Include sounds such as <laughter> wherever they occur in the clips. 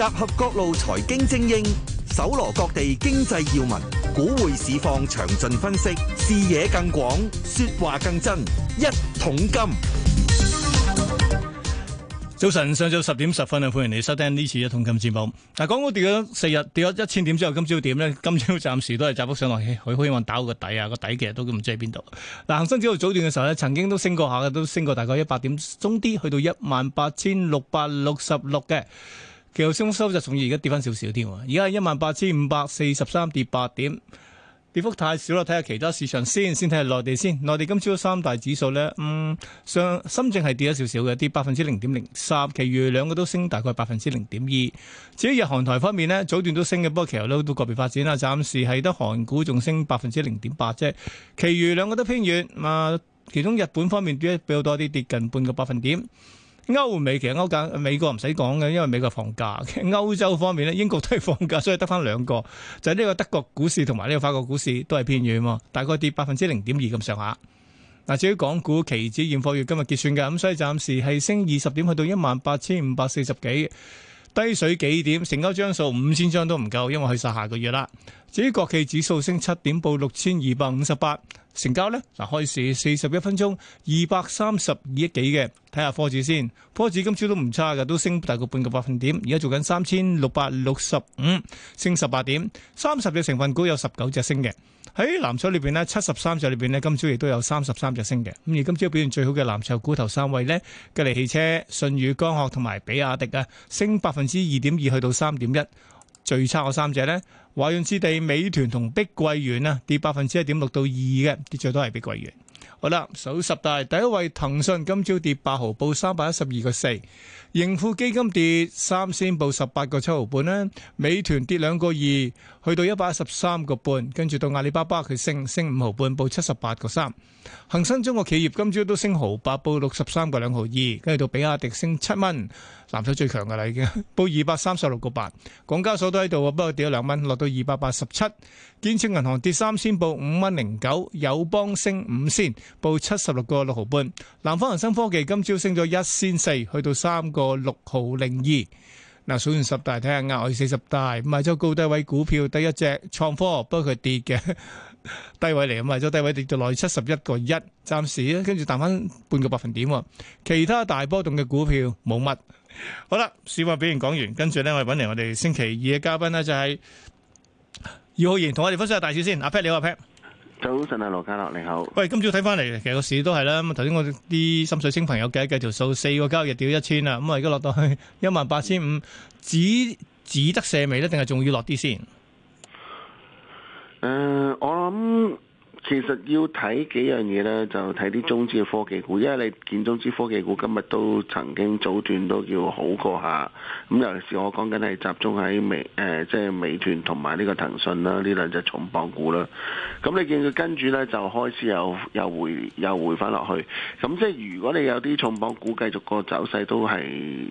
集合各路財經精英，搜羅各地經濟要聞，股匯市況詳盡分析，視野更廣，說話更真。一桶金，早晨，上晝十點十分啊！歡迎你收聽呢次一桶金節目。嗱，港股跌咗四日，跌咗一千點之後，今朝點咧？今朝暫時都係窄幅上落，佢、哎、好希望打個底啊。個底其實都唔知喺邊度。嗱，恒生指數早段嘅時候咧，曾經都升過下嘅，都升過大概一百點，中啲去到一萬八千六百六十六嘅。期油升收就仲要而家跌翻少少添，而家係一萬八千五百四十三跌八點，跌幅太少啦。睇下其他市場先，先睇下內地先。內地今朝三大指數呢，嗯，上深圳係跌咗少少嘅，跌百分之零點零三。其餘兩個都升大概百分之零點二。至於日韓台方面呢，早段都升嘅，不過其實都都個別發展啦，暫時係得韓股仲升百分之零點八啫，其餘兩個都偏軟啊，其中日本方面都比較多啲，跌近半個百分點。歐美其實歐價美國唔使講嘅，因為美國放假。歐洲方面咧，英國都係放假，所以得返兩個，就係、是、呢個德國股市同埋呢個法國股市都係偏軟，大概跌百分之零點二咁上下。嗱，至於港股期指現貨月今日結算嘅，咁所以暫時係升二十點，去到一萬八千五百四十幾。低水幾點？成交張數五千張都唔夠，因為去晒下個月啦。至於國企指數升七點，報六千二百五十八。成交呢？嗱，開市四十一分鐘二百三十二億幾嘅。睇下科指先，科指今朝都唔差㗎，都升大概半個百分點。而家做緊三千六百六十五，升十八點。三十隻成分股有十九隻升嘅。喺藍籌裏邊呢，七十三隻裏邊呢，今朝亦都有三十三隻升嘅。咁而今朝表現最好嘅藍籌股頭三位呢，吉利汽車、舜宇光學同埋比亞迪啊，升百分之二點二去到三點一。最差嘅三隻呢，華潤置地、美團同碧桂園啊，跌百分之一點六到二嘅，跌最多係碧桂園。好啦，首十大第一位，騰訊今朝跌八毫，報三百一十二個四。盈富基金跌三仙，報十八個七毫半咧。美團跌兩個二，去到一百一十三個半，跟住到阿里巴巴佢升升五毫半，報七十八個三。恒生中國企業今朝都升毫八，報六十三個兩毫二，跟住到比亞迪升七蚊，藍籌最強噶啦，已經報二百三十六個八。港交所都喺度，不過跌咗兩蚊，落到二百八十七。建設銀行跌三仙，報五蚊零九。友邦升五仙。報七十六個六毫半，南方恒生科技今朝升咗一仙四，去到三個六毫零二。嗱，數完十大睇下，額外四十大賣咗高低位股票，第一隻創科不過佢跌嘅 <laughs> 低位嚟，咁賣咗低位跌到落去七十一個一，暫時跟住彈翻半個百分點喎。其他大波動嘅股票冇乜。好啦，市況表現講完，跟住咧我哋揾嚟我哋星期二嘅嘉賓呢，就係、是、姚浩然，同我哋分享下大市先。阿 Pat 你好，阿 Pat。早晨啊，羅嘉樂你好。喂，今朝睇翻嚟，其實個市都係啦。咁頭先我啲心水清朋友計，計條數四個交易掉一千啊。咁啊而家落到去一萬八千五，止止得瀉未咧，定係仲要落啲先？誒、呃，我諗。其實要睇幾樣嘢咧，就睇啲中資嘅科技股，因為你見中資科技股今日都曾經早段都叫好過下，咁尤其是我講緊係集中喺美，誒，即係美團同埋呢個騰訊啦，呢兩隻重磅股啦。咁你見佢跟住咧就開始又又回又回翻落去，咁即係如果你有啲重磅股繼續個走勢都係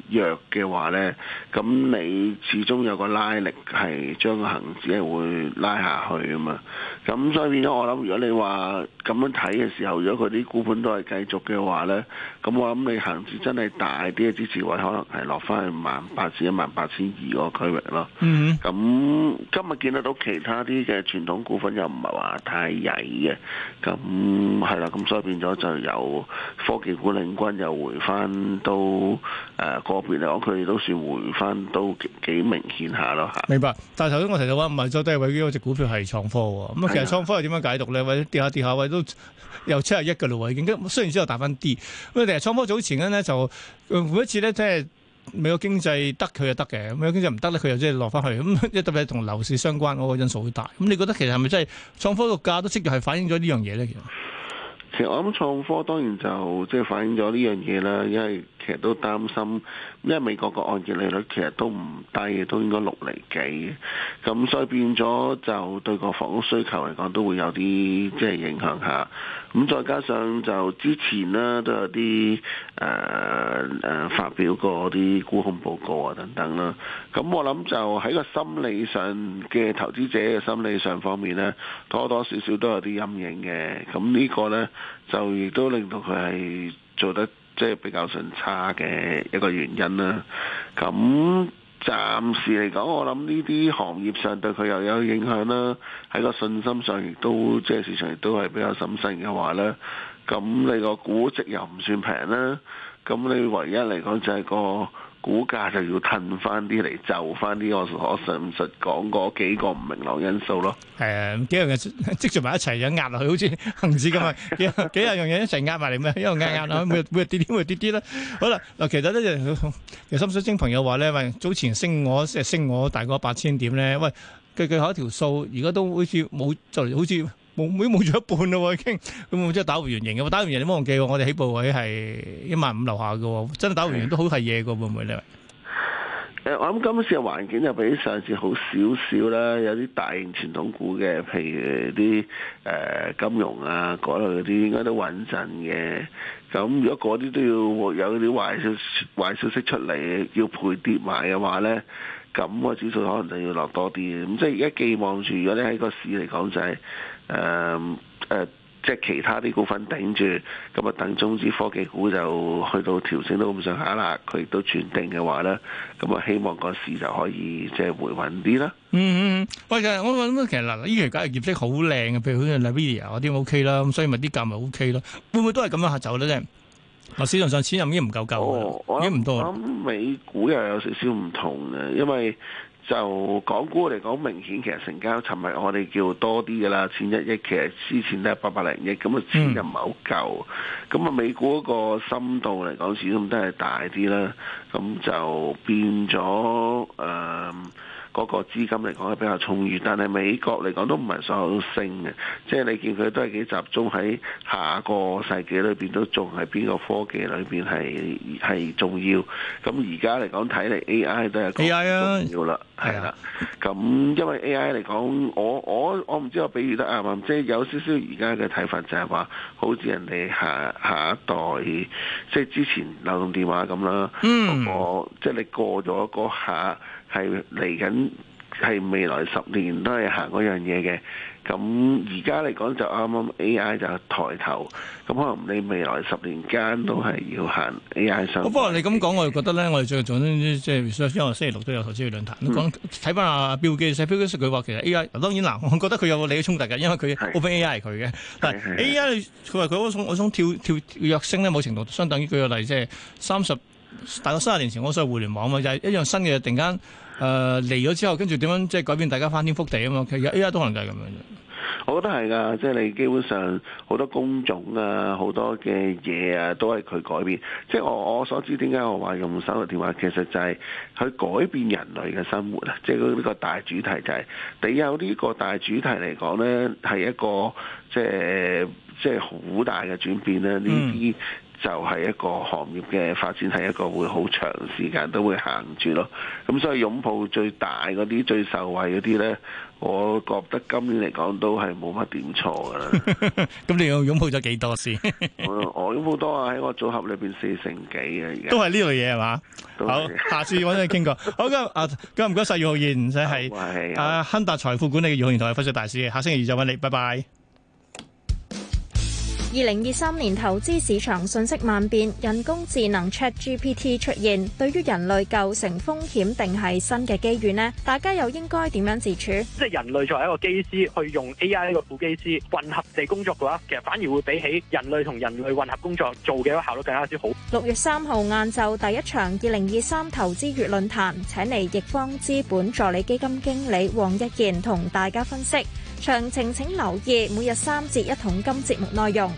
弱嘅話咧，咁你始終有個拉力係將個恆指係會拉下去啊嘛。咁所以變咗我諗，如果你你話咁樣睇嘅時候，如果佢啲股盤都係繼續嘅話咧，咁我諗你行市真係大啲嘅支持位，可能係落翻去萬八至一萬八千二個區域咯。嗯、mm、咁 -hmm. 今日見得到其他啲嘅傳統股份又唔係話太曳嘅，咁係啦，咁所以變咗就由科技股領軍，又回翻到誒個別嚟講，佢哋都算回翻都幾，幾明顯下咯嚇。明白。但係頭先我提到話唔係最低位嗰隻股票係創科喎，咁其實創科係點樣解讀咧？哎跌下跌下位都又七廿一噶啦喎，已經。雖然之後大翻啲，咁啊，其實創科早前咧就每一次咧，即係美國經濟得佢就得嘅，美國經濟唔得咧，佢又即係落翻去。咁即係特別係同樓市相關嗰個因素會大。咁、嗯、你覺得其實係咪真係創科個價都即係係反映咗呢樣嘢咧？其實，其實我諗創科當然就即係反映咗呢樣嘢啦，因為。其實都擔心，因為美國個按揭利率其實都唔低，都應該六厘幾，咁所以變咗就對個房屋需求嚟講都會有啲即係影響吓。咁再加上就之前呢都有啲誒誒發表過啲沽空報告啊等等啦。咁我諗就喺個心理上嘅投資者嘅心理上方面呢，多多少少都有啲陰影嘅。咁呢個呢，就亦都令到佢係做得。即係比較順差嘅一個原因啦。咁暫時嚟講，我諗呢啲行業上對佢又有影響啦。喺個信心上亦都，嗯、即係市場亦都係比較審慎嘅話呢，咁你個估值又唔算平啦。咁你唯一嚟講就係個。股價就要褪翻啲嚟就翻啲，我我上述講嗰幾個唔明朗因素咯。係啊，幾樣嘢積聚埋一齊，有壓落去，好似恒指咁啊，幾幾廿樣嘢一齊壓埋嚟，咪一路壓壓下，每日每日跌啲，每日跌啲啦。好啦，嗱，其實咧就有深水清朋友話咧，喂，早前升我升我大概八千點咧，喂，計計好一條數，而家都好似冇就好似。冇都冇咗一半啦，已經咁我即係打回原形嘅。打回原形你冇忘記，我哋起步位係一萬五樓下嘅，真打回原形都好係嘢嘅會唔會咧？誒，我諗今次嘅環境就比上次好少少啦，有啲大型傳統股嘅，譬如啲誒金融啊嗰類嗰啲，應該都穩陣嘅。咁如果嗰啲都要有啲壞消壞消息出嚟，要陪跌埋嘅話咧。咁個指數可能就要落多啲，咁即係而家寄望住，如果你喺個市嚟講就係、是呃呃、即係其他啲股份頂住，咁啊等中資科技股就去到調整到咁上下啦，佢亦都轉定嘅話咧，咁啊希望個市就可以即係回穩啲啦。嗯嗯，喂、嗯，其實我諗其實嗱，依期梗係業績好靚嘅，譬如好似 Nvidia 嗰啲 OK 啦，咁所以咪啲價咪 OK 咯，會唔會都係咁樣下走咧？嗱、哦，市場上錢又已經唔夠夠，啲唔多啊。我諗美股又有少少唔同嘅，因為就港股嚟講，明顯其實成交尋日我哋叫多啲嘅啦，千一億，其實之前都係八百零億，咁啊錢又唔係好夠，咁、嗯、啊美股嗰個深度嚟講，始終都係大啲啦，咁就變咗誒。嗯嗰個資金嚟講係比較充裕，但係美國嚟講都唔係所有都升嘅，即係你見佢都係幾集中喺下個世紀裏邊都仲係邊個科技裏邊係係重要。咁而家嚟講睇嚟 AI 都係重要啦，係啦、啊。咁、啊啊、因為 AI 嚟講，我我我唔知我比喻得啱唔啱，即係有少少而家嘅睇法就係話，好似人哋下下一代，即係之前流動電話咁啦，我、嗯、即係你過咗嗰下。係嚟緊，係未來十年都係行嗰樣嘢嘅。咁而家嚟講就啱啱 A.I. 就抬頭，咁可能你未來十年間都係要行 A.I. 上。不、嗯、過你咁講，我就覺得咧，我哋最最即係，因為星期六都有投資論壇，咁講睇翻阿 Bill 嘅 Bill 嘅佢話其實 A.I. 當然啦，我覺得佢有利益嘅衝突嘅，因為佢 open A.I. 係佢嘅。但係 A.I. 佢話佢我想跳跳躍升，咧，某程度相等於舉個例，即係三十。大概三十年前，我所謂互聯網嘛，就係、是、一樣新嘅嘢，突然間誒嚟咗之後，跟住點樣即係改變大家翻天覆地啊嘛。其實而家都能夠就係咁樣。我覺得係噶，即係你基本上好多工種啊，好多嘅嘢啊，都係佢改變。即係我我所知，點解我話用手提電話，其實就係佢改變人類嘅生活啊。即係呢個大主題就係、是，你有呢個大主題嚟講咧，係一個即係即係好大嘅轉變咧。呢啲。嗯就係、是、一個行業嘅發展，係一個會好長時間都會行住咯。咁所以擁抱最大嗰啲、最受惠嗰啲咧，我覺得今年嚟講都係冇乜點錯嘅。咁 <laughs> 你又擁抱咗幾多先？ <laughs> 我擁抱多，在我多啊！喺我組合裏邊四成幾嘅，而家都係呢類嘢係嘛？好，下次揾你傾過。 <laughs> 好咁啊，今日唔該晒姚浩然，唔使係啊，啊，亨達財富管理嘅姚浩然同你分析大事。下星期二再揾你，拜拜。二零二三年投資市場信息萬變，人工智能 ChatGPT 出現，對於人類構成風險定係新嘅機遇呢？大家又應該點樣自處？即係人類作為一個機師，去用 AI 一個副機師混合地工作嘅話，其實反而會比起人類同人類混合工作做嘅效率更加之好。六月三號晏晝第一場二零二三投資月論壇，請嚟易方資本助理基金經理黃一健同大家分析。詳情請留意每日三節一桶金節目內容。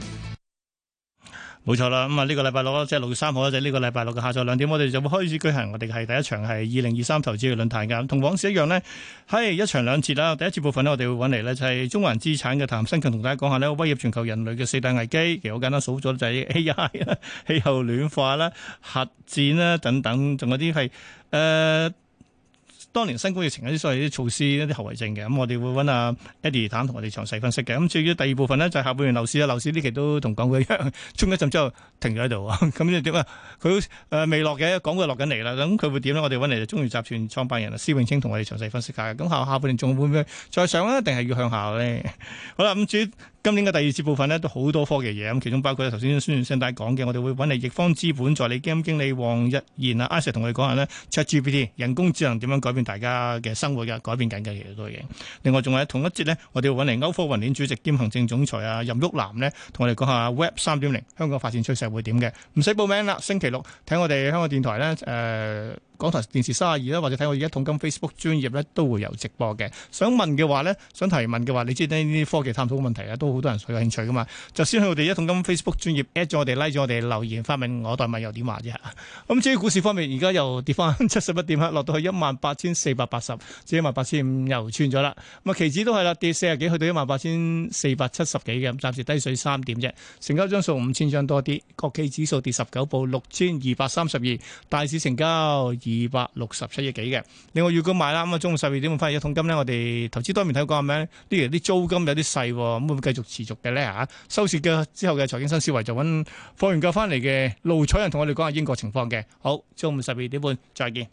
冇錯啦，咁啊呢個禮拜六即係、呢個、六月三號，就係呢個禮拜六嘅下晝兩點，我哋就會開始舉行我哋係第一場係二零二三投資嘅論壇噶。同往時一樣呢，係一場兩節啦。第一節部分呢，我哋會揾嚟呢，就係中環資產嘅譚新強同大家講下呢，威脅全球人類嘅四大危機。其實好簡單數咗就係 A I 啦、氣候暖化啦、核戰啦等等，仲有啲係誒。呃當年新冠疫情嗰啲所謂啲措施一啲後遺症嘅。咁我哋會揾阿 Eddie 坦同我哋詳細分析嘅。咁至於第二部分呢，就係、下半年樓市啊，樓市呢期都同港股一樣衝一陣之後停咗喺度啊。咁你點啊？佢誒未落嘅，港股落緊嚟啦。咁佢會點呢？我哋揾嚟就中原集團創辦人啊，施永青同我哋詳細分析下咁下下半年仲會唔會再上咧、啊？定係要向下咧？好啦，五主。今年嘅第二節部分咧都好多科技嘢，咁其中包括咧頭先孫元生帶講嘅，我哋會揾嚟易方資本助理基金經理王日賢啊，阿 Sir 同我哋講下咧，ChatGPT、嗯、人工智能點樣改變大家嘅生活嘅，改變緊嘅其實都已經。另外仲有同一節呢，我哋會揾嚟歐科雲鏈主席兼行政總裁啊任旭南呢，同我哋講下 Web 三點零香港發展趨勢會點嘅，唔使報名啦，星期六睇我哋香港電台咧誒。呃港台電視三十二啦，或者睇我而家一桶金 Facebook 專業咧都會有直播嘅。想問嘅話咧，想提問嘅話，你知呢啲科技探討嘅問題都好多人有興趣噶嘛。就先去我哋一桶金 Facebook 專業 at 咗我哋，拉、like、咗我哋留言發問，我代問又點話啫？咁、嗯、至於股市方面，而家又跌返七十一點，落到去一萬八千四百八十，至一萬八千五又穿咗啦。咁啊，期指都係啦，跌四十幾，去到一萬八千四百七十幾嘅，暫時低水三點啫。成交張數五千張多啲，國企指數跌十九報，六千二百三十二，大市成交二百六十七億幾嘅，另外如果買啦咁啊，中午十二點半翻嚟一桶金咧，我哋投資多面睇講下咩呢？例如啲租金有啲細，咁會唔會繼續持續嘅咧？收市嘅之後嘅財經新思維就揾放完假翻嚟嘅盧彩仁同我哋講下英國情況嘅。好，中午十二點半再見。